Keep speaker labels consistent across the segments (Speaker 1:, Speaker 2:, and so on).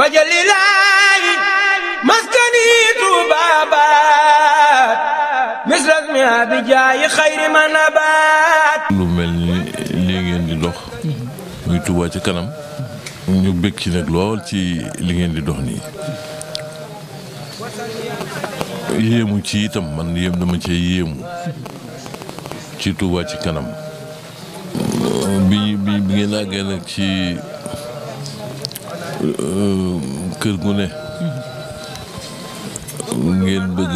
Speaker 1: wajalilaahi maskani Tuubaa baat misras mi abijaayi xayri ma nabaat
Speaker 2: lu mel ni lii ngeen di dox muy Tuubaa ca kanam ñu bëgg ci nag lool ci li ngeen di dox nii yéemu ci itam man yéem dama cee yéemu ci Tuubaa ci kanam bi bi ngeen àggee nag ci Euh, kër gu ne ngeen bëgg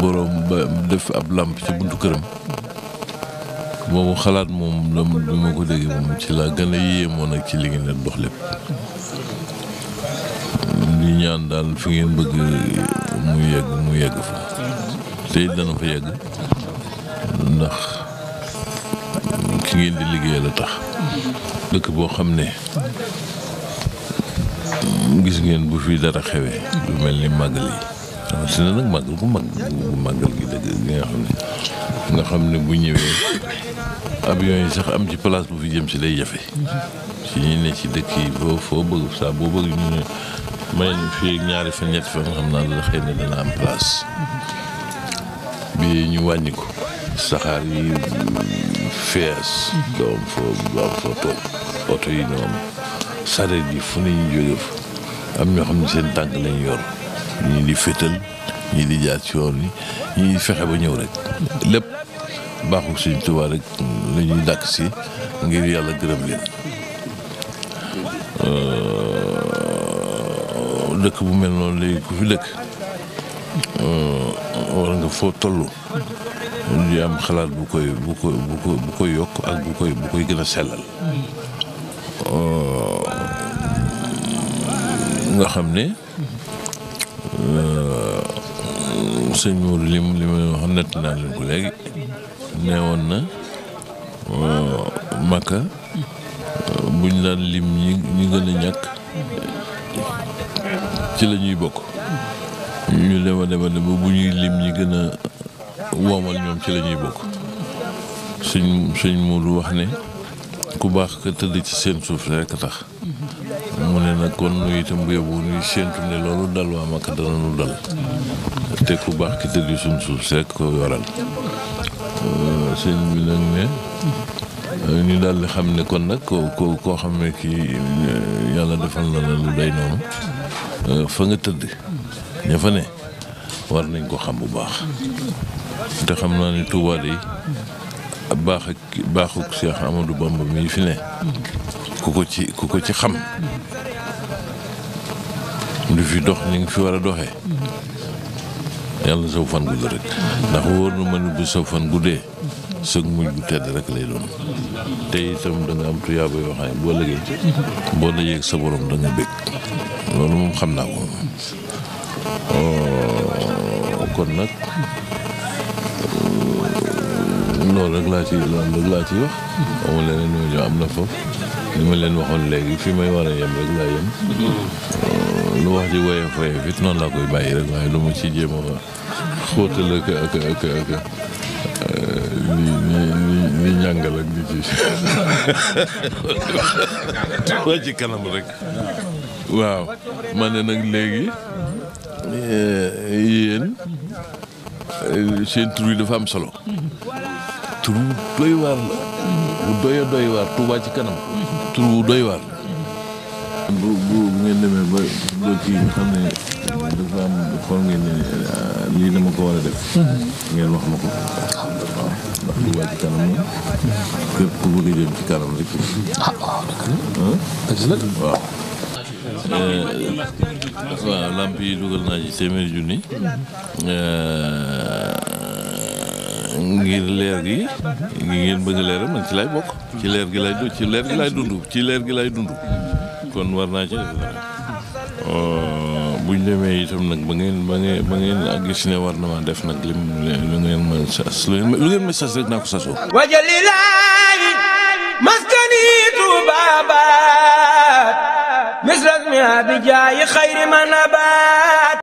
Speaker 2: boroom ba def ab làmp ci buntu këram boobu xalaat moom dama bi ko déggee moom ci laa gën a yéemoon ak ci li ngeen leen dox lépp di ñaan daal fi ngeen bëgg mu yegg mu yegg fa te dana fa yegg ndax ki ngeen di liggéeyal a tax dëkk boo xam ne gis ngeen bu fi dara xewee lu mel ni màggal yi rawatina nag màggal ku nga xam ne nga xam ne bu ñëwee avion yi sax am ci place bu fi jëm si day jafe si ñuy ci dëkk yi foo foo bëgg saa boo bëgg ñu ne may fii ñaari fan ñetti fan nga xam naa la xëy na dana am place bi ñu wàññi ko saxaar yi fees doom foo doom oto yi ñoom sareet yi fu ñu jóge am ñoo xam seen tànk lañ yor ñii di fétal ñii di jaar ci yoon yi ñii fexe ba ñëw rek lépp baaxu Sëñ Tuubaa rek la ñuy si ngir yàlla gërëm leen euh, dëkk bu mel noonu léegi ku fi dëkk euh, war nga foo toll di am xalaat bu koy bu koy bu yokk ak bu koy bu koy gën a nga xam ne euh, sëñ Mourou lim li ma wax nett naa leen ko léegi nee woon na euh, Makka euh, ñu daan lim ñu gën a ñàkk ci la ñuy bokk ñu dema dema dema bu ñuy lim ñi gën a woomal ñoom ci la ñuy bokk sëñ sëñ Mourou wax ne ku baax ka tëdd ci seen suuf rekk tax mu ne nag kon nuyu itam bu yóbbu nuy séentu ne loolu dal waa Màkka dana nu dal te ku baax ki tëdd suñ suuf sekk ko yoral euh, sëñ bi nag ne euh, ñu daal di xam ne kon nag koo xam ne kii euh, yàlla defal na la lu day noonu fa nga tëdd ña fa ne war nañ ko xam bu baax te xam naa ni Tuubaa de baax ak baaxuk Seex Amadou Bamba fi ne ku ko ci ku ci xam lu fi dox ni nga fi war a doxee yàlla na fan gudd rek ndax wóor na ma ne bu saw fan guddee sëg mujj bu tedd rek lay doon te itam da nga am tuyaaba yoo xam ne boo la yéeg sa borom da bég loolu moom xam naa ko oh, kon nag loolu rek laa ci loolu laa ci wax amul leneen ñoo am na foofu li ma leen waxoon léegi fi may war a yem rek laa yem. Mm-hmm. lu wax ci woyee foye fit noonu laa koy bàyyi rek waaye lu ma ci jéem a xóotal li li li ñàngal ci waa ci kanam rek waaw ma ne nag léegi mm-hmm. eh, yéen eh, seen tur yi dafa am solo. Mm-hmm. tur doy waar la bu ci kanam tur wu doy waar la bu bu ngeen demee ba ba kii nga ah, lii dama ko war a def ngeen wax ma ko waaw ci kanam moom képp ku bëgg a ci kanam rek ah waaw eh, waaw lamp yi dugal naa ci téeméeri ngir leer gi ngi ngeen bëgg a leeral ci lay bokk. ci leer gi lay dund ci leer gi lay dund ci leer gi lay dund kon war naa ci def dara euh, bu ñu demee itam nag ba ngeen ba ngeen ba ngeen gis ne war na def nag lim lu ngeen ma sas lu ngeen ma lu ngeen ma sas rek naa ko sasoo.
Speaker 1: wajalilaayi
Speaker 2: maskani
Speaker 1: xayri ma nabaat